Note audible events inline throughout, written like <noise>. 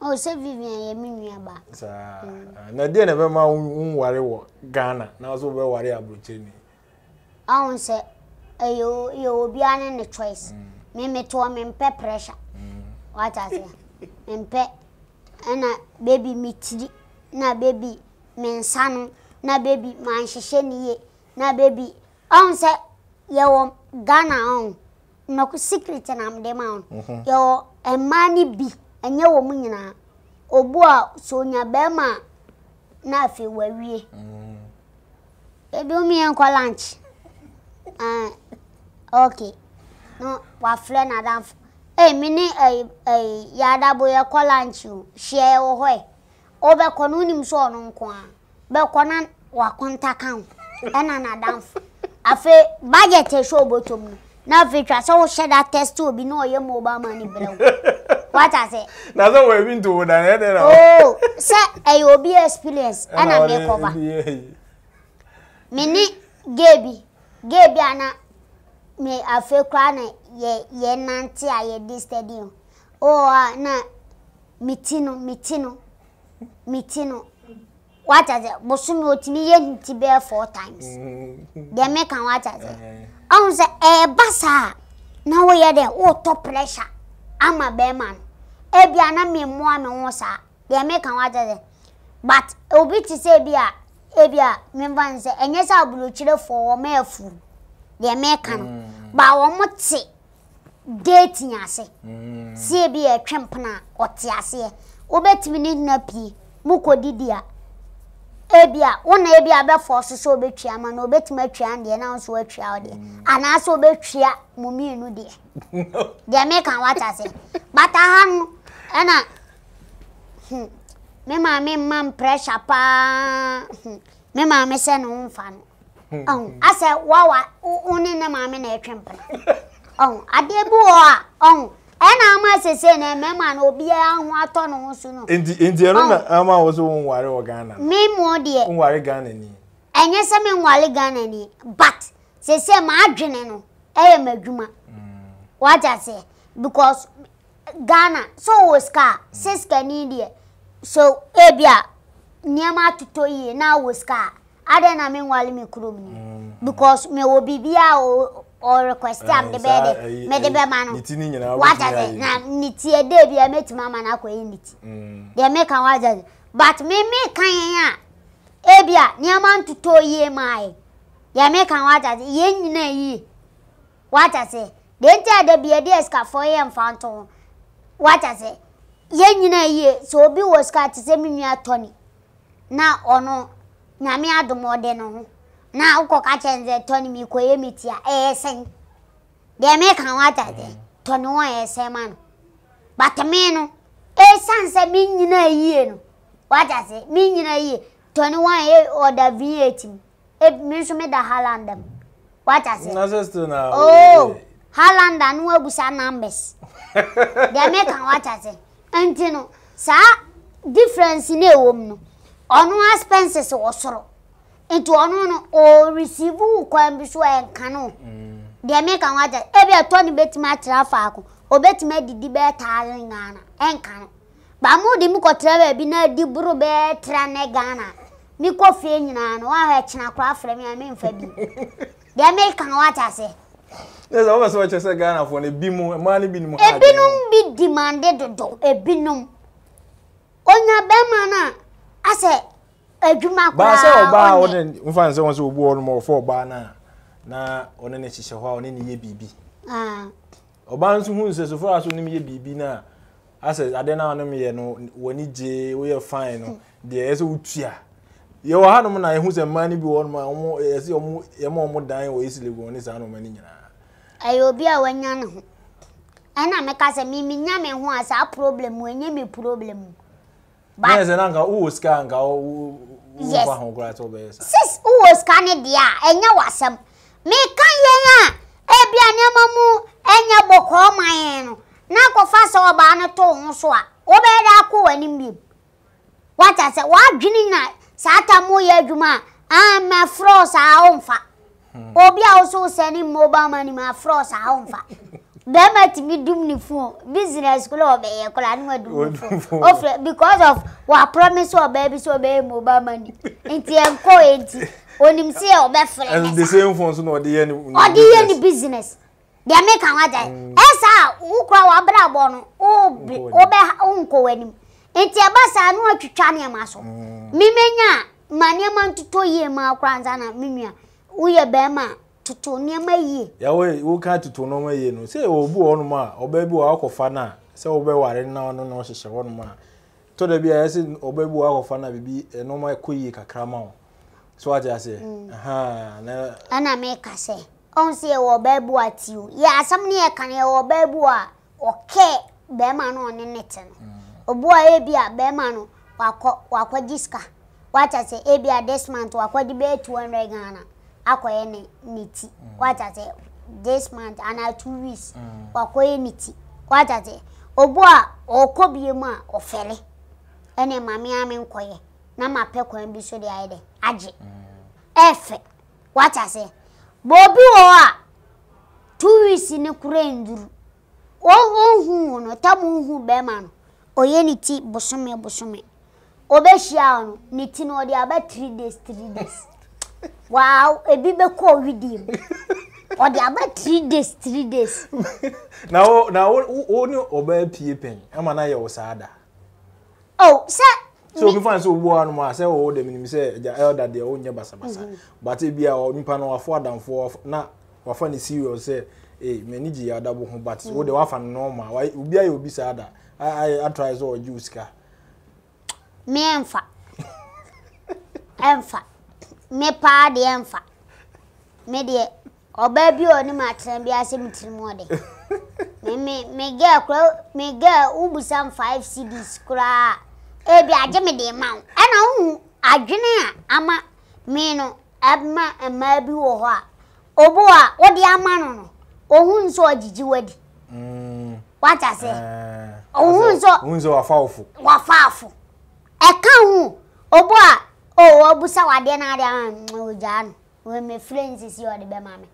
o oh, sɛ vivian yɛ me nuaba saa na deɛ na ɛbɛma wonware wɔ ghana na wo sɛ wobɛware aburokyire ni ahu sɛ ɛyɛ obiara ne ne choice mm. memetoɔ mempɛ pressure mm. wataseɛ mempɛ ɛna beebi metiri na baby me nsa no na beebi manhyehyɛ ne yie na baby. beebi ɔn sɛ yɛwɔ ghana na ku secret na mde ma ɔn mhm. yɛwɔ mmaa ne bi ɛnyɛ wɔ mu nyinaa obu a so bɛrima na afei wawie ebinom yɛn kɔ lunch ok no wafrɛ n'adamfo ee mi ni ɛyi ɛyi yadabo yɛ kɔ lunch o hyia yɛ wɔ hɔ yɛ ɔbɛkɔ no onim sɛ ɔno nko a bɛkɔ na wakonta ka ho ɛna n'adamfo afei budget ɛhyɛ obotom no na afei twa sɛ wohyɛ da test obi na ɔyɛ mobile money brɛ wata se. na so wɔ na oh, obi experience ɛna mi kɔba mi ni gay bi gay bi ana mi kura na yɛ yɛ nante a stadium na mi ti no mi ti wata se bosomi otimi yɛ nti times deɛ mi kan se ama a na mmemmua me ho saa deɛ meka wagye sɛ but obi te sɛ bi a ebi a memfa ne sɛ ɛnyɛ sɛ aburokyirefoɔ wɔ ma afu deɛ meka no mm. ba wɔn te dating ase mm. sie bi a ɛtwe mpona a ɔte aseɛ wobɛtumi ne nna pie mokɔ didi a ebi a wona ebi a bɛfɔ so sɛ obɛtwi ama no obɛtumi atwi ano deɛ na nso atwi awo deɛ mm. anaasɛ obɛtwi a mo mmienu deɛ <laughs> deɛ meka wata sɛ bata ha no ɛna hmm. me maame mma m pressure pa. Hmm. me maame sɛ ne ho mfa no hmm. ɔn asɛ wawa wo ne ne maame na ɛtwe mpena <laughs> ɔn adeɛ bi wɔ a ɔn ɛna ama sese na mmarima na obiara ho atɔ ne ho so no. nti nti ɛno na ama wɔ so wɔn nware wɔ ghana. mi mu deɛ. nware ghana ni. ɛnyɛ sɛ mi nware ghana ni but sese maa adwene no ɛyɛ mɛ adwuma wagya seɛ because ghana so wɔ sika sɛ sikani deɛ so ebi a nneɛma atotɔ yie na wɔ sika adɛ na mi nwale mi kurom ni um, because mi wɔ biribi a o o request am eh, de bɛɛ de eh, mɛ de eh, bɛ ma no wata de na n'i ti yɛ de bi a mɛ tuma ma na akɔ yi ne ti mm. deɛ mɛ kan wata de but mi mi kan yɛn a ebi a nneɛma ntotɔ yie maa yɛ deɛ mɛ kan wata de yɛn nyinaa yie wata de deɛ nti a de bi yɛ de sika fɔ yɛ nfa ntɔn. wata sɛ yɛn nyinaa yie sɛ obi wɔ sika te sɛ me tɔni na ɔno ɔde na ka tɔni mi kɔ yɛ mi tia ɛyɛ sɛn deɛ meka wata sɛ tɔni wɔn ɛyɛ sɛn ma no batame no ɛsan sɛ me nyinaa yie no wata sɛ me nyinaa yie tɔni wɔn ɛyɛ ɔda v8 mu ebi mi da na sɛ ooo. Oh! halanda no abusa numbers deɛ meka wakya sɛ nti no saa difference no ɛwɔ mu no ɔno expenses soro nti ɔno no ɔreceive wo kwan bi so ɛnka ebi ɛtɔ ne bɛtumi akyerɛ afaako obɛtumi ɛnka ba mo de mi kɔtera baabi na adi buru bɛyɛ tera gana ghana mi kɔ fie nyinaa no wahɔ ɛkyina koraa fira mi a nfa bi ne sɛ wobɛ sɛ wɔkyɛ sɛ ghanafoɔ no ebi mu mmaa no bi nom ebinom bi dimande dodo ebinom onya bɛrima no a asɛ adwuma koraa baasɛ ɔbaa a ɔne mfa nsɛ wɔn sɛ obu hɔ nom ɔfɔ ɔbaa no a na ɔne ne hyehyɛ hɔ a ɔne ne yɛ biribi ah. ɔbaa nso hu nsɛsofo a so ne yɛ biribi no a asɛ adeɛ no a ɔnom yɛ no w'ani gye woyɛ fine no hmm. deɛ ɛyɛ sɛ wotua yɛwɔ hanom na yɛhu sɛ mmaa no bi wɔ nom a ɔmo yɛsi ɔmo yɛma ɔmo dan wɔ esi lebu saa nneɛma ne nyinaa. ɛyɛ obi a wanya ne ho ɛna meka sɛ mimi nya me ho a saa problem wɔ nye me problem. ba ne yɛ sɛ nanka wowɔ sika anka wɔ ho koraa sɛ ɔbɛyɛ saa. sis wowɔ sika ne deɛ a ɛnyɛ wasɛm meka yɛn a ebi a nneɛma mu ɛnyɛ bɔkɔɔ man no na akɔfa sɛ ɔbaa no to ho so a wɔbɛyɛ de akɔ wɔ anim bi wɔata sɛ wɔadwene nyinaa saa tam yɛ adwuma a mɛforɔ saa onfa obi a woso sɛne mobile money onfa saa ɔmfa bɛrima tumi dum ne phone business kolo ɔbɛyɛ kola ne ma dum ne because of wa promise ɔbɛyɛ bi sɛ ɔbɛyɛ mobile money nti ɛnkɔ enti onim sɛ ɔbɛfrɛ ne sa the same phone so na ɔde yɛ business ɔde yɛ ne business deɛ meka wada hmm. ɛsa wokora wabra bɔ no wobɛ wonkɔ w'anim nti ɛbasa mm. no atwitwa nneɛma e so memenya ma mm. nneɛma ntotɔ yie ma akora nsa na me nua woyɛ bɛrima a toto nneɛma yie yɛwo woka toto yie no sɛ ɛwɔ bi wɔ hɔnom a ɔbaa bi wɔ akɔfa no a sɛ wobɛware na ɔno na ɔhyehyɛ hɔnom a tɔ da bi no yie kakra ma so wate aseɛ ɛna meka sɛ ɔn sɛ yɛwɔ ɔbaa bi wɔ ati o yɛ asɛm ne yɛka no yɛwɔ ɔbaa bi wɔ a mm Oboa ebia bemano wako wako diska. Wacha se ebia this month wako di be 200 Ghana. Akwa ene niti. Mm. Wacha se this month ana two weeks mm. wako ene niti. Wacha se oboa oko biema ofele. Ene mami ame nkoye. Na mape kwa mbiso di aide. Aje. Efe. Mm. Wacha se. Bobi oa. Two weeks ni kure nduru. Oho hono. Tamu hono bemano. ɔyɛ ne ti bosome bosome ɔbɛhyia no ne ti no ɔde aba three days three days waaw ebi bɛkɔ ɔwidi mu ɔde aba three days three days. <laughs> na wo na wo wo ni ɔbaa pie pɛn ama na yɛ wɔ saa da. o oh, sɛ. so obi fan sɛ obi wɔ anum a sɛ wɔwɔ dɛm nim sɛ ɛgya ɛda deɛ ɔnyɛ basabasa bate bi a nipa no wafɔ adamfoɔ na wafa ne serious sɛ ee eh, mɛ ni gye yɛ adabo ho but mm. wo de wafa no normal obi ayɛ obi saa da. atry sɛ ɔgye wo sika meɛmfa ɛmfa me paa dị deɛ ɛmfa me deɛ ɔbaa bi a ɔne matena bi asɛ metiri mu ɔde megɛ kora ụbụ wobusam 5 cds koraa ebi agye me de ma wo ɛna wohu adwene a ama me no ama mmaa bi wɔ hɔ a obo a wode ama no no ɔhu nso ɔgyegye wadi mm. wata sɛ eh. ohun nso ohun nso wafaafo wafaafo ɛka a owo obusa wadeɛ n'ade a ogyaa no wɔmɛ friends si ɔde bɛma mi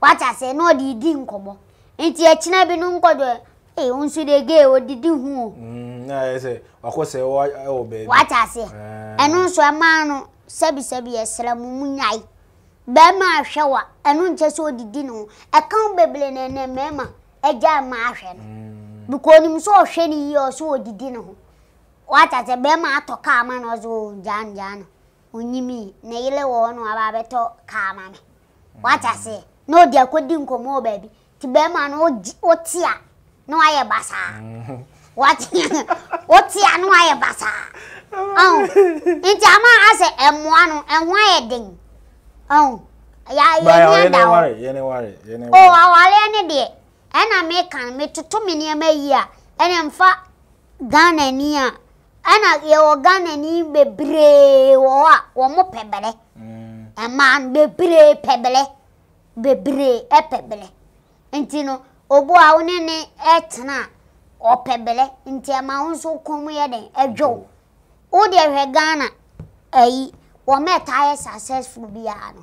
wata sɛ na ɔde di nkɔmɔ nti ɛkyina bi no nkɔdɔ ee ohun nso de gay odidi ho o. na ayɛ sɛ wakɔ sɛ ɛwɔ baabi. wata because onim sɛ ɔhwɛ ne yie ɔsɛ ɔdidi ne ho wata sɛ bɛrima atɔ kaa ma no ɔsɛ ɔgyaa no onyimi ne yele wɔ no aba abɛtɔ kaa ma no <laughs> wata sɛ na ɔde akɔdi nkɔmmɔ wɔ baabi nti bɛrima no ɔte a na wayɛ basaa wote a no wayɛ basaa nti ama asɛ ɛmmoa no ɛho ayɛ den yɛnyada hɔ o awareɛ ne oh, deɛ ɛna mekan metoto me nneɛma yi a ɛna mfa ghana ni a ɛna yɛwɔ ghana ni bebree wɔ hɔ a wɔn mo pɛbɛrɛ mmaa bebree pɛbɛrɛ bebree ɛpɛbɛrɛ nti no obu a wɔne ne ɛtena ɔpɛbɛrɛ nti ɛma wɔn nso kɔn mu yɛ den ɛdwow wɔde ɛhwɛ ghana ɛyi wɔn mɛta yɛ successful biara no.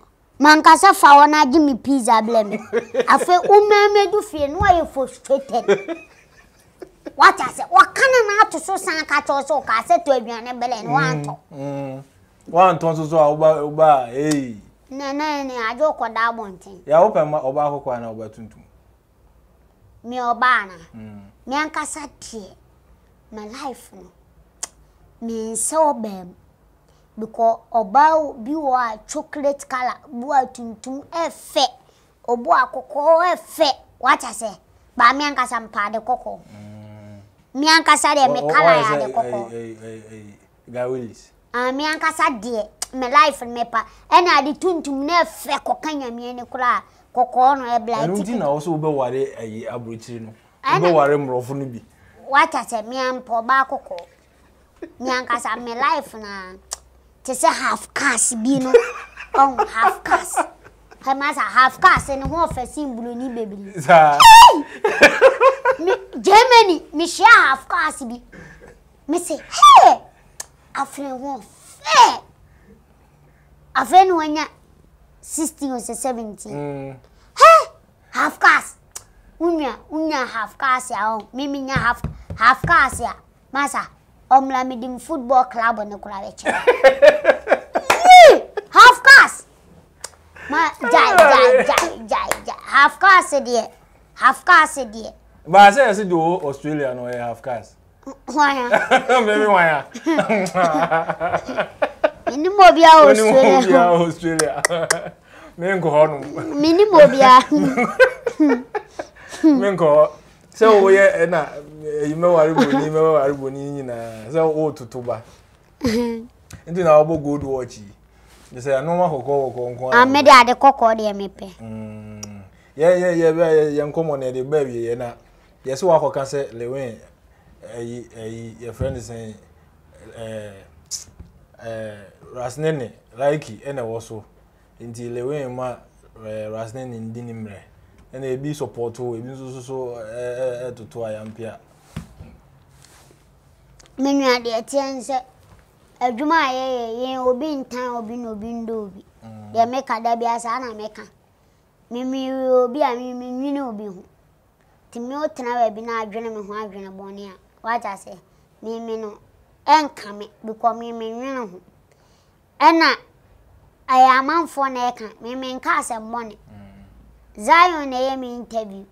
mankasa fa hɔ no agye me pizza blɛ me afei womaamadu fie no woayɛ frustrated wata sɛ wakana no ato so san ka kyɛw sɛ wokaa sɛ tɔ aduane bɛlɛ no woantɔ mm, mm. woantɔ nso so a woba ei nanane agye wokɔda abɔnten yɛ wopɛ ma ɔba akɔkɔ ana ɔba tuntum me ɔba ana mm. me ankasa deɛ me life no mensɛ ɔbaa mu because ɔbaa bi wɔ a chocolate colour bu a tuntum ɛfɛ e. obu a kɔkɔɔ ɛfɛ e. wata sɛ baa mi ankasa mpaade kɔkɔɔ mm. mi ankasa deɛ mi oh, oh, colour yɛ ade kɔkɔɔ. gawilis. ah mi ankasa deɛ e mi life mi pa ɛna ade tuntum na ɛfɛ kɔka nyamia ne koraa kɔkɔɔ no ɛbla ɛtiki. ɛnu ti na ɔso bɛware ɛyi aburukyiri no bɛware mmorɔfo no bi. wata sɛ mi ampɔ ɔbaa kɔkɔɔ mi ankasa mi life naa te sɛ half cars bi no ɔn half cars hamasa half cars ne ho ɔfɛsi mburoni bebree mi germany mi hyia half cars bi mi sɛ hey afei ho fɛ afei ne wanya sixteen or seventeen mm. hey half cars wunya wunya half cars a ɔn mi mi nya half half cars a masa ɔmla mi di mu football club ne kura bɛ kyerɛ. half caste deɛ half caste deɛ. baasa yɛ si di o australia no eh, half caste. Ha ha ha minim australia. australia. mi nkɔ Ha ha ha obi a. mi nkɔ hɔ sɛ o yɛ ɛna eh, eyi eh, mɛwari boni mɛwari boni nyinaa sɛ o tutu ba <laughs> na ɔbɔ gold watch sɛ anoma kɔkɔɔ wɔ kɔnkɔn a mɛde ade kɔkɔɔ deɛ mepɛ yɛ nkɔmmɔ ne yɛde baa wieɛ na yɛsɛ woakɔka sɛ lewin ayi ayi yɛfrɛ no sɛ rasnene laiki ɛna ɛwɔ so nti lewin ma eh, rasnene ndi ne mmerɛ ɛna ebi sɔpɔɔto ebi nso so ɛɛtoto eh, eh, ayampe a menua deɛ teɛ nsɛ adwuma a yɛyɛ yɛn obi nta obi na obi ndị obi deɛ mm. eme ka bia saa na meka mmiri obi a menwene obi ho na obi me ho adwene bɔne a wagya sɛ meme no ɛnka me bikɔ memenwene ho ɛna ɛyɛ amanfoɔ na ɛka memenka asɛm bɔne mm. zion na me interview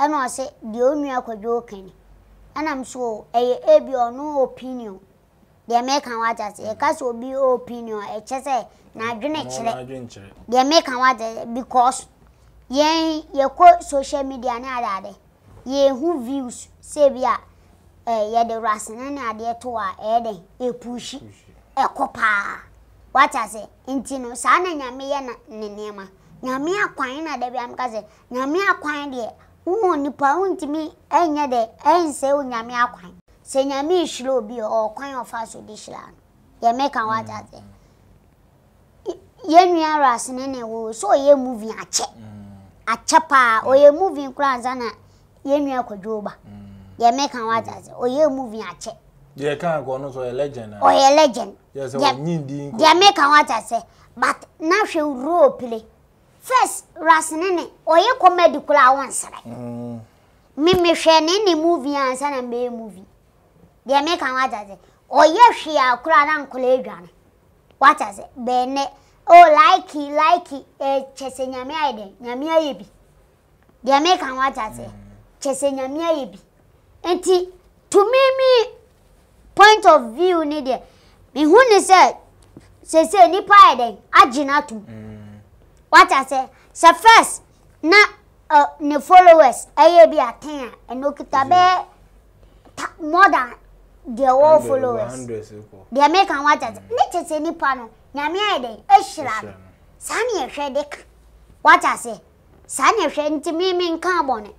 ɛna ɔsɛ deɛ so ɛyɛ ebi opinion deɛ mɛka ho agya sɛ yɛka sɛ obi opinion ɛkyɛ sɛ n'adwene kyerɛ deɛ mɛka ho agya because yɛn yɛkɔ social media ne adeade yɛhu views sɛ bi a yɛde rasene ne adeɛ to a ɛyɛ dɛn ɛpuhyi ɛkɔ paa wata sɛ nti no saa na nyame yɛ ne nneɛma nyame akwan na da bi amka sɛ nyame akwan deɛ wohu nipa wontumi ɛnyɛ dɛ ɛnsɛ wo nyame akwan sɛ nyame hyira obi ɔwɔ kwan ɔfa so de hyira no yɛmɛka wagya sɛ yɛn nua rase ne ne wo so ɔyɛ movie akyɛ akyɛ paa ɔyɛ movie koraa ansa na yɛn nua kwadwo ba yɛmɛka wagya sɛ ɔyɛ movie akyɛ deɛ kan kɔ no so ɔyɛ legend a ɔyɛ legend yɛ sɛ ɔnyin din kɔ deɛ mɛka wagya sɛ but n'ahwɛ role play first rase ne ne ɔyɛ comedy koraa wɔn sere mímihwɛ ne ne movie ansa na mbɛyɛ movie deɛ meka wata sɛ ɔyɛ hwee a koraa na nkɔla adwane wata sɛ bɛnɛ o laiki laiki ɛkyɛ sɛ nyame ayɛ dɛ nyame ayɛ bi deɛ meka wata sɛ kyɛ sɛ nyame ayɛ bi nti tumi mi point of view ni deɛ mehu ne sɛ sese nipa ayɛ dɛ agyina tom wata sɛ sɛ first na uh, ne followers ɛyɛ bi atɛn a ɛnokita bɛɛ more than deɛ wɔn followers deɛ meka ho agyagya ne tete nipa no nyame ayɛ dɛ ehyira no saa ne yɛhwɛ de ka wata se saa ne yɛhwɛ nti mimi nka abɔ ne.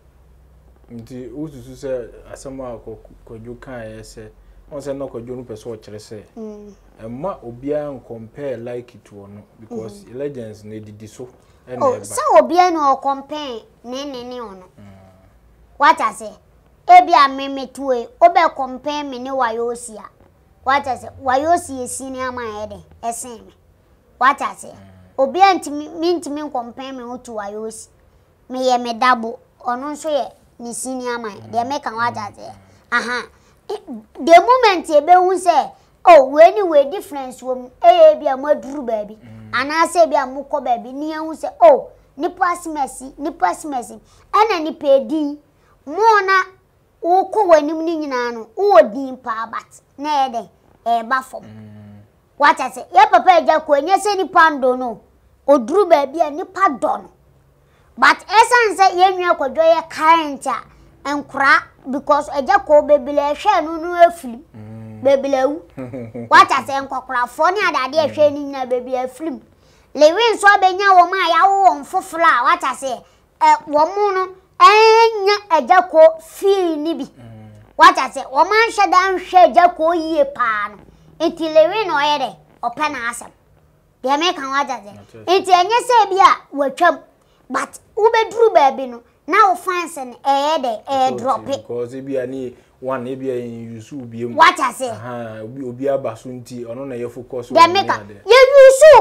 nti wosusu sɛ asɛm a kwadwo kaeɛ sɛ wọn sẹ n'ọkọ jọ onupẹ sọ ọkyerẹ sẹ ẹ mm. ma obiara nkọmpẹẹ like to ọno because mm. legends na edidi so ẹna ẹba. ọ sẹ obiara na ọkọmpẹẹ ne ne ne ọno mm. wata sẹ ebi a mmemme tuo yi compare me mi ne wayosi a wata sɛ wayosi esi ne ama yɛ de ɛsɛn mi wata sɛ obi a ntumi mi me nkɔmpɛn mi wotu wayosi mi yɛ mi dabo ɔno nso yɛ ne si ne ama yɛ deɛ meka wata sɛ hmm. aha e, the moment ebehu sɛ o oh, wee ni wee difference wɔ e hmm. oh, mu eye ebi a mo aduru baabi anaasɛ ebi a mo kɔ ni ne yɛn ho sɛ o nipa ni nipa asimasi ɛna nipa edin mo na wokɔ w'anim ne nyinaa no wowɔ din paa but na ɛyɛ dɛ ɛreba fam wata sɛ yɛ papa agya kɔ ɛnyɛ sɛ nipa ndɔ no ɔduru baabi a nipa dɔ no but ɛsiane sɛ yɛnwia kɔdwa yɛ current a nkora because agya kɔ bebree ɛhwɛ no no afiri mm. bebree wu <laughs> wata sɛ nkɔkorafoɔ ne adade ɛhwɛ no nyinaa bebree afiri mu lewi nso abɛnya wɔn a yɛawo wɔn foforɔ a wata sɛ ɛ wɔn no. ɛnya agya fii ni bi wata sɛ wɔn ahyɛ dan yie paa no na ɔyɛ dɛ ɔpɛ n'asɛm deɛ meka wata sɛ nti ɛnyɛ sɛ ebi a wɔatwam but wobɛduru baabi no na wo fans no ɛyɛ dɛ ɛyɛ drɔpe. a yusu mu na yusu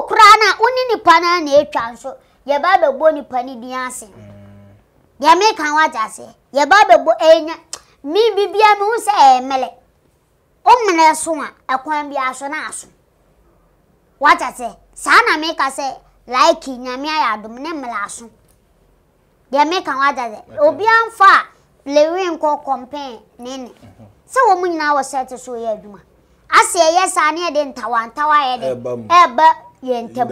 na wo ne nipa na etwa nso yɛ nipa ni ase. Mm. deɛ meka ho agya aseɛ yɛba bɛbɔ ɛnya eh, me bibia me hu sɛ ɛyɛ eh, mmerɛ o mmerɛ so a ɛkwan bi aso na aso wagya sɛ saa na meka sɛ laiki nyame ayɛ adom ne mmerɛ aso deɛ meka ho agya sɛ obiara mfa a lewi nkɔ kɔmpɛn ne ne mhm. sɛ wɔn nyinaa wɔ sɛte so yɛ adwuma ase ɛyɛ saa ne ntawa ntawa yɛ de ɛɛba yɛn ntam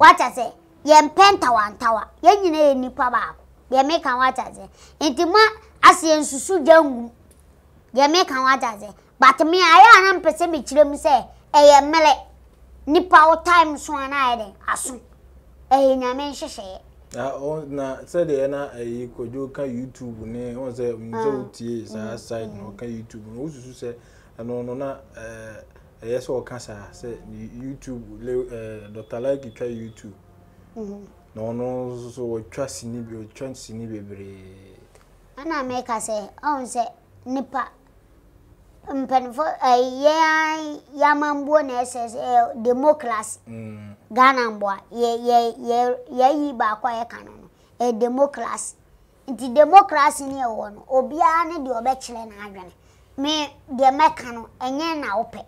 wagya sɛ yɛmpɛ ntawantawa yɛn nyinaa yɛ nipa baako. deɛ ka nwata akyadze nti ma aseɛ nsusu gya ngum deɛ ka nwata akyadze but me na mpɛ sɛ mekyerɛ mu sɛ ɛyɛ nipa wo time so e eh, na ayɛ dɛ aso ɛyɛ na na ɛyi kwadwo ka youtube ne mm, mm. Mm. side na ka youtube na wosusu se ɛno e, no na ɛyɛ e, sɛ ɔka sa sɛ youtube dr like ka youtube mm-hmm. na ɔno nso so wɔtwa sini bi wɔtwa sini bebree. ɛna mɛka sɛ ɔn sɛ nipa mpanimfo ɛyɛ yamanbuo na ɛsɛ sɛ democracy mm. ghana mboa yɛ yɛ yɛ yɛyi baako a yɛka no no ɛ democracy nti democracy ni ɛwɔ no obiara ne deɛ ɔbɛkyerɛ n'adwene me deɛ mɛka no ɛnyɛ na ɔpɛ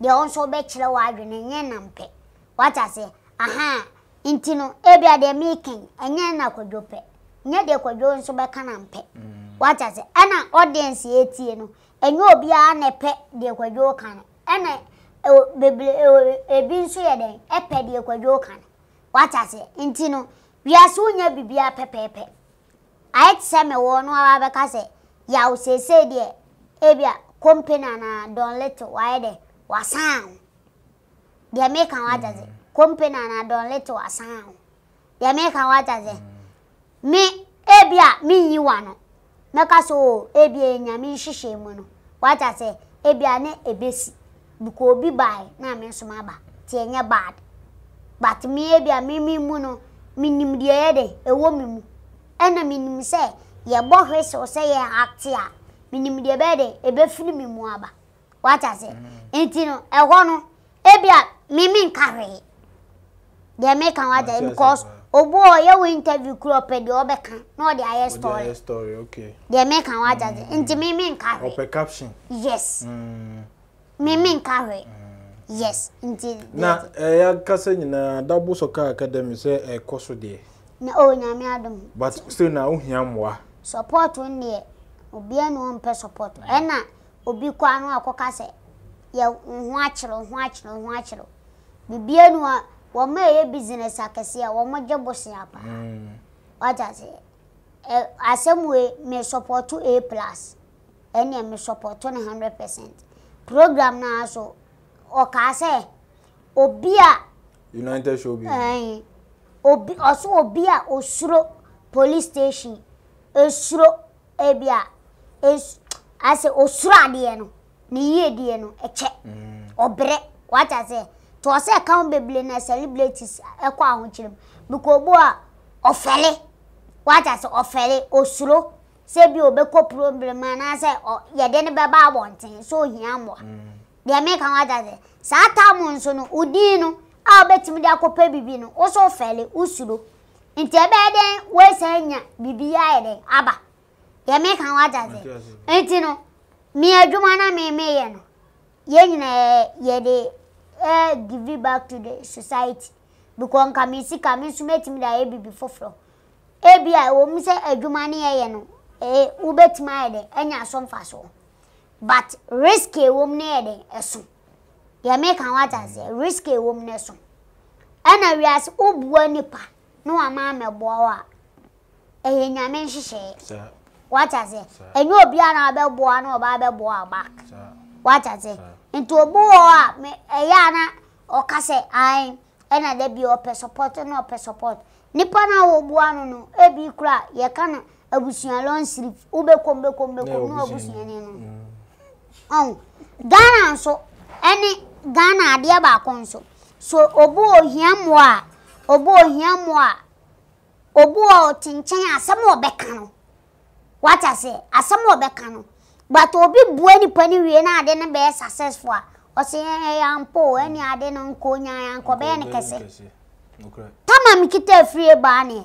deɛ ɔnso ɔbɛkyerɛ w'adwene ɛnyɛ na mpɛ wata sɛ ahan. intino ebia de making enye na kwadwope nya de kwadwo nso be kanampe what as ana audience yetie no enye obi a na pe de kwadwo kan ana e, bebre e, ebi nso ye den e pe de kwadwo kan what as intino wi aso nya bibia pepepe i tse me wo no aba be ka se ya o se se de ebia company na don let wa de wasan de make am what as company na don let wa sound ya me ka wa jaze me ebia me yi wa no me ka so ebia nya me hihye mu no wa jaze ebia ne ebesi buko obi bai na me nso ma ba ti enye bad but mi ebia mi me mu no me de ye de ewo me mu ɛna me nim ye bɔ hwese sɛ ye act a me nim de be de ebefiri me mu aba wa jaze enti mm. no ɛhɔ e no ebia me me nka hwee deɛ make wagya yi because a ɔyɛ interview kura ɔpɛ deɛ ɔbɛka na ɔde ayɛ story story okay deɛ meka wagya de mm. nti mimi nka hwɛ ɔpɛ caption yes mimi mm. nka hwɛ mm. yes nti na ɛyɛ eh, kase nyinaa dabo sɔka academy say e o nyame adom but still na o hia mmoa support n support obi kɔ ano akɔka ho ho ho bibia wɔn a business akɛse a wɔn gye bosea paa wata se ɛ asɛm wei me support a plus ɛnna me support ne hundred percent program naa so ɔkaa sɛ obi a. united show bi. ɛn obi ɔso obi a osuro police station esuro ebi a es asɛ osuro adeɛ no ne yie deɛ no ɛkyɛ ɔbrɛ wata sɛ. to ɔsɛ ka ho bebree na celebrities ɛkɔ ahokyere mu because obu a ɔfɛle wata sɛ ɔfɛle osuro sɛ bi obɛkɔ problem anaasɛ yɛde ne bɛba abɔnten so ohia mmoa mm. deɛ meka wata sɛ saa tam nso no odin no a wobɛtumi de akɔpɛ bibi no wosɛ ɔfɛle wosuro nti ɛbɛyɛ dɛn woasa nya ya ayɛ dɛn aba deɛ meka wata sɛ nti no me adwuma na memeyɛ no yɛn nyinaa yɛde eh, give back to the society because nka me sika me before mɛtumi de ayɛ biribi foforɔ ebi a ɛwɔ mu sɛ adwuma no yɛyɛ no ee wobɛtumi ayɛ dɛ ɛnya asɔ mfasoɔ but risk ɛwɔ mu no yɛ esu. ɛso yɛmɛ ka ho ataseɛ risk ɛwɔ mu no ɛso ɛna wiase wobua nipa na wama amɛboa wo a ɛyɛ nyame nhyehyɛeɛ wataseɛ ɛnyɛ obiara na wabɛboa abe ɔba abɛboa back wataseɛ nti obi wɔ hɔ a me ɛyɛ ana ɔka sɛ ɛna da bi ɔpɛ support na ɔpɛ support nipa na wɔbua no no ebi kura yɛka no abusua lɔnsiri wobɛkom bɛkom bɛkom na abusua ne no mm. ɔn ghana nso ɛne ghana adeɛ baako nso so obi wɔ ohia mmoa a obi wɔ ohia mmoa a obi wɔ ɔtenkyɛn asɛm a ɔbɛka no wata sɛ asɛm a ɔbɛka no. but obi bu nipa ni wie na ade na bɛyɛ successful a ɔsi yɛn ya mpo ɛni ade no nko nya ya nko bɛyɛ ne kɛse tamam kita efiri baa ne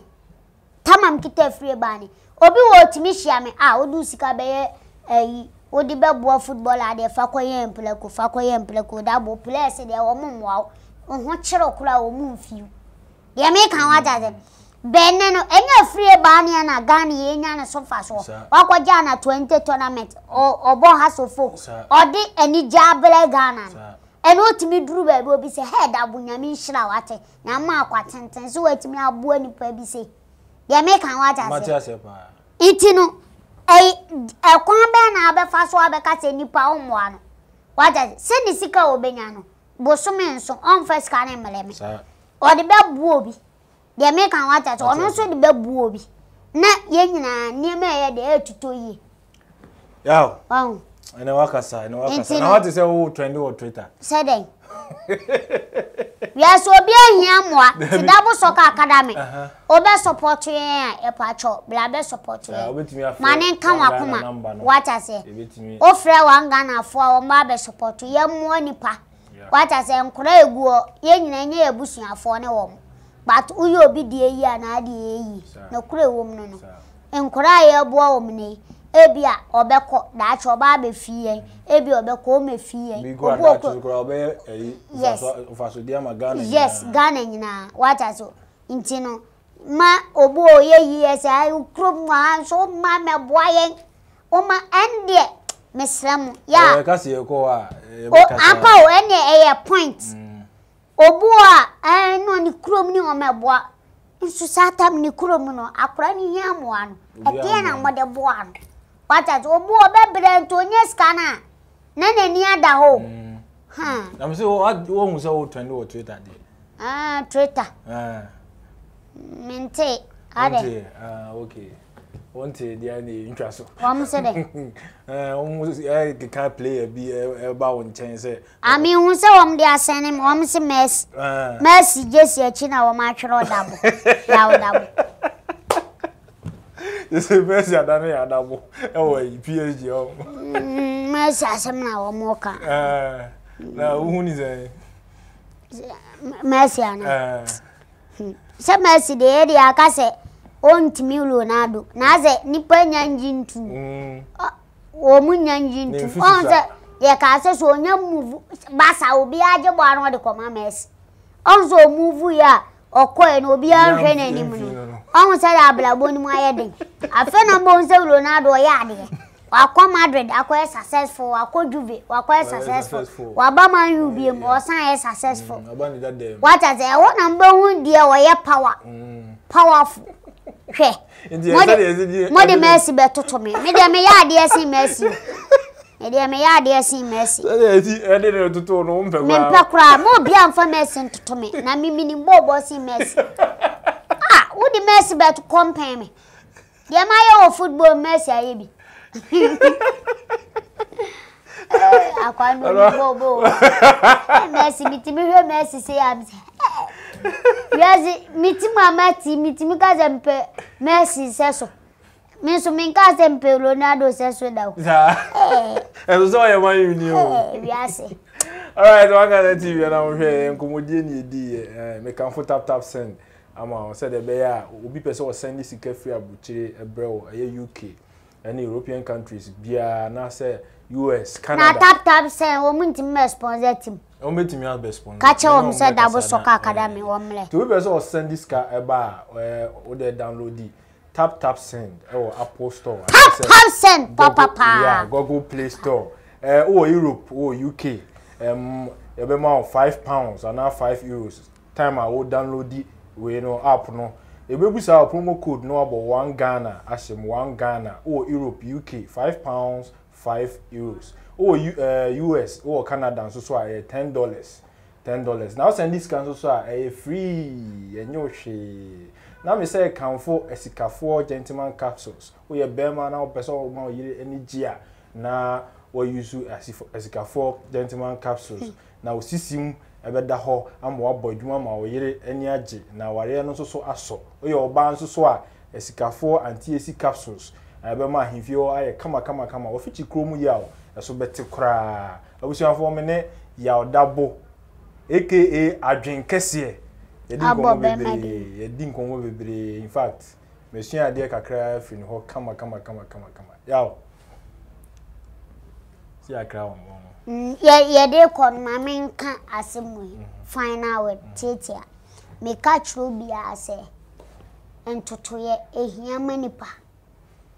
tamam kita efiri baa ne obi wɔ otumi hyia mi a odu sika bɛyɛ ɛyi wodi bɛboa football adeɛ fa kɔyɛ mpilɛko fa kɔyɛ mpilɛko dabo players deɛ wɔn mmoa wo ho kyerɛ koro a wɔn mfiw deɛ mi kan wa dada. bɛnɛ no ɛnyɛ firi baania na ghana yɛ nya ne so fa soɔ na twenty tournament ɔbɔ ha so fo ɔde anigya abɛrɛ ghana no ɛna otumi duru baabi obi sɛ head abo nyame nhyira wate nyama akɔ atenten so watumi aboa nipa bi se deɛ meka wate aseɛ nti no ɛkwan bɛɛ na abɛfa so abɛka sɛ nipa ɔmmoa no wate sɛ ne sika wɔbɛnya no bosome nso ɔmfa sika ne mmerɛ me ɔde bɛboa obi deɛ meka ho akyɛ sɛ ɔno nso de bɛbu obi na yɛn nyinaa nneɛma a ɛyɛ deɛ ɛyɛtutɔ yie yaw ɔn ɛnɛ wakasa ɛnɛ wakasa na wate sɛ wo trend wɔ twitter sɛdɛn <laughs> wiase obi ahia mmoa ti dabo sɔ ka akadami obɛ support yɛn a ɛpatwɔ bla bɛ support yɛn ma ne nka wa kuma wata sɛ ofrɛ wan ghana fo a wɔn ba bɛ support yɛn nipa wata sɛ nkora egu hɔ yɛn nyinaa nye ebusuafoɔ ne wɔn. but woyɛ obi deɛ eyi a eyi na kure ewo no no nkwadaa a yɛboa yi ebi a ɔbɛkɔ daakye ɔba abɛfi yɛn ebi ɔbɛkɔ ɔmɛ fi yes yes ghana nyinaa wata so nti ma obi a oyɛ yie sɛ ayi kurom ha nso ma mɛboa yɛn ɔma a o apa o point. Mm. obu a ɛn eh, na ɔne kurom ne wɔn ɛboa nso saa tam ne kurom no akora ne hia mmoa no ɛdeɛ na wɔde boa no wata so obu a ɔbɛbrɛ nti onye sika no a na n'ani ada hɔ hmm. hmm. na mo sɛ wɔhu sɛ wotɔn ne wɔ twitter deɛ. Ah, twitter. Eh. mente. mente ah okay wonte deɛ ne ntwa so wɔm sɛ dɛ ɔmo keka player bi ɛba eh, eh, wo nkyɛn sɛ ame hu sɛ wɔm de asɛne m wɔm se mercy mercy gyesi akyi na wɔm atwerɛ ɔdabo <laughs> yawo dabo yɛsɛ mercy ada no yɛ adabo ɛwɔ phd ɔ mm, mercy asɛm na wɔm ɔka eh, na wohu ni sɛ mercy ana sɛ mercy deɛ yɛde aka sɛ ontumi ronaldo naze nipa nya ntu mm. omu nya nji ntu ye ka se so onya move basa obi aje bo anu de koma messi onse o move ya okoe na obi anhwe na anim no onse da ablabo ni mu aye den afa na bo onse ronaldo ya ade wakɔ madrid akɔyɛ successful juve successful man successful na power mm. powerful hwɛ mo de mercy bɛtoto me me deɛ meyɛ adeɛ sen mercy me deɛ meyɛ adeɛ sen mercy mempɛ koraa ma obia mfa mercy ntoto me na memenim bɔɔbɔ sen mercy <laughs> a wode mercy bɛto kɔmpɛn me deɛ mayɛ wɔ football mercy ayɛ bi <laughs> akwano bɔɔbɔ <laughs> mercy metimi hwɛ mercy sɛ yɛ amsɛ wiase miti mama ti miti me sɛ mpɛ Messi sɛ so mi nso minka sɛ mpɛ Ronaldo sɛ so da eh. o. saa ɛso sɛ ɔyɛ man yu ni o. Eh, alright Wankasa TV ɛna mo hwɛ nkɔmmɔdie ni edi yɛ eh, mekanfo tap tap send ama wɔn sɛdeɛ ɛbɛyɛ a obi pɛ sɛ ɔsɛn ne sika firi abukyire ɛbrɛ wɔ ɛyɛ UK ɛne European countries biara na sɛ US Canada. na tap tap send wɔn mu ntumi mɛ sponsor team wọn bɛ tìmí abɛ sponsor. kakyɛ wɔn sɛ dabo soccer academy wɔn lɛ. tí o bɛ sɛ ɔsɛn a ɛɛ o de download di tap tap send ɛwɔ apple store. tap tap send Papa. yeah google play store Uh. o europe o uk Um. ɛbɛ ma wɔ five pounds ana five euros time I will download di wei no app no ebebu saa promo code no about one ghana ahyɛ mu one ghana o europe uk five pounds five euros wowɔ uh, eh, us wowɔ canada nso so a ɛyɛ ten dollars ten dollars na wosan di sika nso so a ɛyɛ free ɛnyɛ ohwee na mi sɛ kanfo asikafoɔ gentleman capsules woyɛ bɛrima na wopɛ sɛ wɔma wo yere ani gye a na wɔyusu asikafoɔ gentleman capsules hmm. na osisi mu ɛbɛda hɔ ama wabɔ adwuma ma wo yere ani agye na awareɛ no nso so asɔ woyɛ ɔbaa nso so a asikafoɔ anti esi capsules. ɛbɛma ahemfie hɔ ayɛ kama wɔfikyi kuro mu yaw ɛso bɛte koraa abusuafoɔ me yaw yawdabo aka adwen kɛseɛ yɛdi nkɔmmɔ bebree yɛdi nkɔmmɔ bebree in fact mesua adeɛ kakra firi ne hɔ kama yaw si akra wɔn wɔn. Mm, yɛde kɔ maame nka asɛm mu yi mhm. final word mhm. tietia meka kyerɛ obiara sɛ ntotoyɛ ehia ma nipa.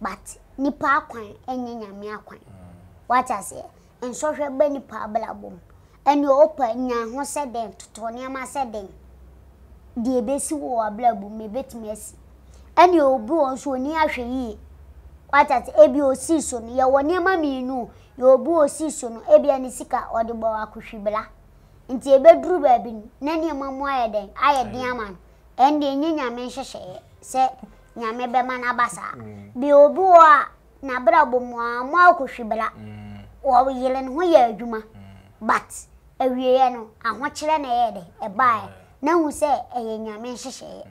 but nipa akwan enye nyame akwan wati aseɛ nsɔhwɛ bɛ nipa abalabɔ mu ɛni opa nya ho sɛ den totɔ nneɛma sɛ den deɛ ebesi wɔ abalabɔ mu ebetumi esi ɛni obi wɔn nso oni ahwɛ yie wati aseɛ ebi osi so no yɛ wɔ nneɛma mienu yɛ obi osi so no ebi ɛni sika ɔde bɔ akohwi bla nti ebe ebeduru baabi no na nneɛma mu ayɛ den ayɛ den ama no ɛni deɛ nye nyame nhyehyɛeɛ sɛ. nyame bɛma saa bia obi wɔ a n'abrabɔ mm. mu a mo akɔhwi bra mm. wɔyere ne ho yɛ adwuma mm. but awieɛ e no ahokyerɛ na ɛyɛ de ɛbaeɛ e na hu sɛ ɛyɛ e nyame nhyehyɛeɛ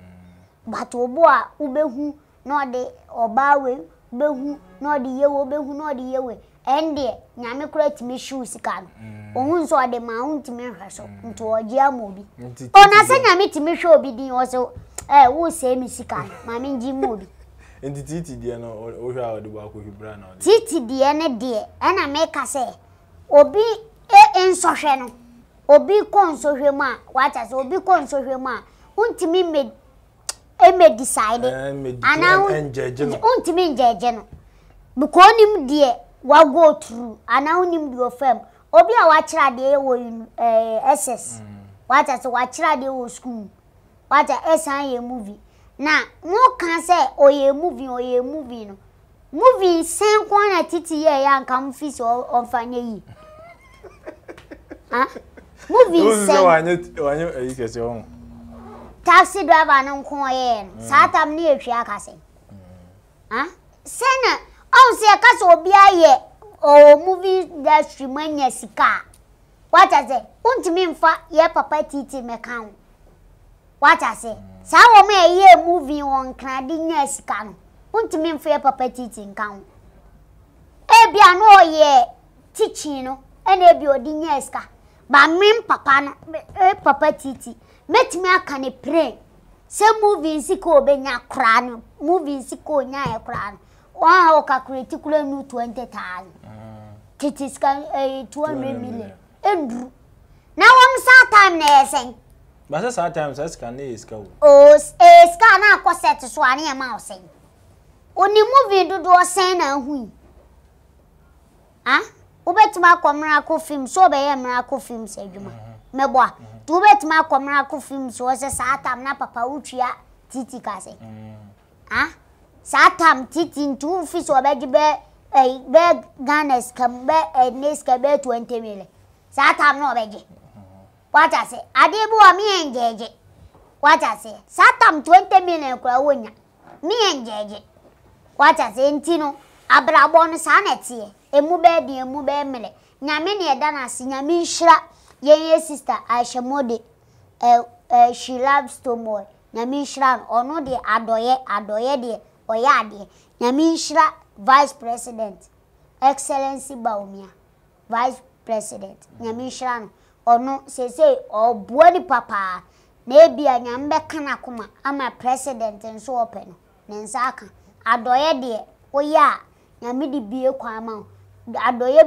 but obi a wobɛhu na ɔde ɔbaa wei wobɛhu na ɔde yewe wobɛhu na ɔde yewe ɛndeɛ nyame kora tumi hyew sika no ɔhu nso ɔde ma ɔhu ntumi hwɛ so nti ɔgye ama obi ɔna sɛ nyame tumi hwɛ obi din wɔ so wosɛe sika no ngye obi. <laughs> nti titi deɛ no wohwɛ a ɔde na titi deɛ ne deɛ ɛna meka sɛ obi e, e, nsɔhwɛ no obi kɔ nsɔhwɛ obi kɔ nsɔhwɛ a ntumi e, anaa ngyɛgye no deɛ. wa go through ana wonim deɛ ɔfam obi a wakyerɛ adeɛ e wɔ ɛɛ eh, ss mm. wata sɛ wakyerɛ adeɛ e wɔ school wata ɛsan yɛ movie na mo ka sɛ ɔyɛ movie ɔyɛ movie no movie sen kwan na titi yɛ yɛ anka mo fi sɛ ɔmfa nyɛ yi ha ah? movie nsɛn wanyɛ wanyɛ ɛyi eh, kɛse wɔn taxi driver no nko ɔyɛ yɛ no saa mm. tam ne yɛ hwɛ akasɛ ha sɛ ɔn sɛ ɛka sɛ obi ayɛ ɔwɔ movie industry mu anya sika wata sɛ wontumi mfa yɛ papa titi mɛka ho wata sɛ saa wɔn a ɛyɛ movie wɔn krade nya sika no wontumi mfa yɛ papa titi nka ho ebi ano ɔyɛ teaching no ɛna ebi ɔde nya sika ba me papa no e papa titi mɛtumi aka ne pray sɛ movie nsika obɛnya koraa no movie nsika onyaa koraa no wọn a wɔkakurati kura nu twenty thousand mm. titi sika ɛyɛ eh, two hundred million eduru na wɔn saa time na ɛyɛ sɛn. basa saa time saa sika ne yɛ sika wo. oo ee eh, sika na akɔ set so a ne yɛ ma ɔsɛn oni movie dodoɔ sɛn na ahu yi ah? ha wobɛtumi akɔ mmerɛ akɔ film so ɔbɛyɛ mmerɛ akɔ film sɛ adwuma mɛbɔ a nti wobɛtumi akɔ mmerɛ akɔ film so ɔsɛ saa time na papa wotua titi ka sɛ ha. Mm -hmm saa tam titi nti wo fi so ɔbɛgye bɛ ɛyi bɛ eh, ghana sikam bɛ ɛne sikam bɛ twenty million saa tam na ɔbɛgye wata sɛ adeɛ bi wɔ miyɛ ngyɛgye wata sɛ saa tam twenty million kora wonya miyɛ ngyɛgye wata sɛ nti no abrabɔ no saa na ɛteɛ emu bɛɛ di emu bɛɛ mmerɛ nyame na ɛda n'ase nyame nhyira yɛn yɛ sista ahyɛmode ɛɛ eh, ɛɛ eh, shilab stomol nyame nhyira no ɔno deɛ adɔyɛ adɔyɛ deɛ ɔyɛ adeɛ nyame nhyira vice president excellency baomia vice president nyame nhyira no ɔno seesei ɔboa nipa paa na ebia nyame bɛka n'akoma ama president nso ɔpɛ no ne nsa Oya adɔyɛ deɛ ɔyɛ a nyame de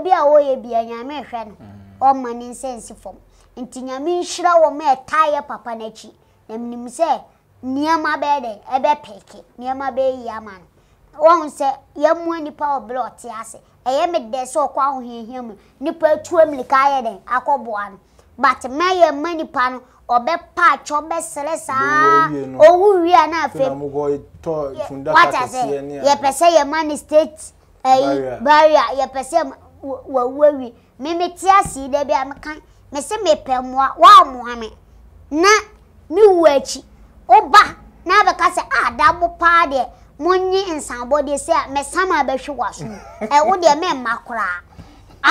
bie a oye bi a nyame hwɛ no mm. ɔma ne nsa nsi fam nti a ɛtaa papa nechi na nim nneɛma bɛyɛ dɛ ɛbɛ peke nneɛma bɛyɛ yi ama no wɔn sɛ yɛn mu nipa wɔ bere ɔte ase ɛyɛ mi dɛ sɛ ɔkɔ ahohiahia mu nipa etu emirika ayɛ dɛ akɔboa no but mɛyɛ mɛ nipa no ɔbɛ paakyɛ ɔbɛ srɛ saa owu wia na afɛ wata sɛ yɛpɛ sɛ yɛ ma ne state ɛyi eh, barrier yɛpɛ sɛ wɔwu awi mímí tí a sì dɛ bi a mi kan mi sɛ mi pɛ mua wa mua mi na mi wu akyi woba na bɛka sɛ adabo ah, paa deɛ monye nsanbɔ deɛ sɛ mesama bɛhwe waso ɛwo <laughs> eh, deɛ memma koraa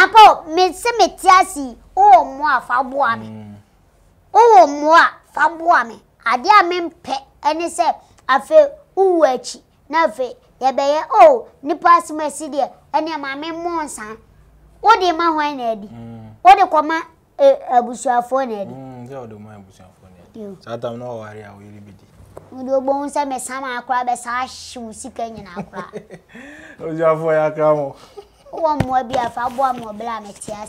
apɔ mese mete ase wowɔ mmoa a fa boa me mm. wowɔ mmoa a fa boa me adeɛ a mempɛ ne sɛ afei wowu akyi na afei yɛbɛyɛ o oh, nipa asɛm asi deɛ ɛne maame mmɔ nsa wode ma hwan na adi mm. wode kɔma eh, abusuafoɔ na adi mm, saa tam We ɔware a woyere bi di mede wobɛhu sɛ mesama akora bɛsaa hye wo sika nyina kora <laughs> ɔgyafoɔ yɛaka mɔ wowɔ mmoa bi afa boa mmɔberɛ a metea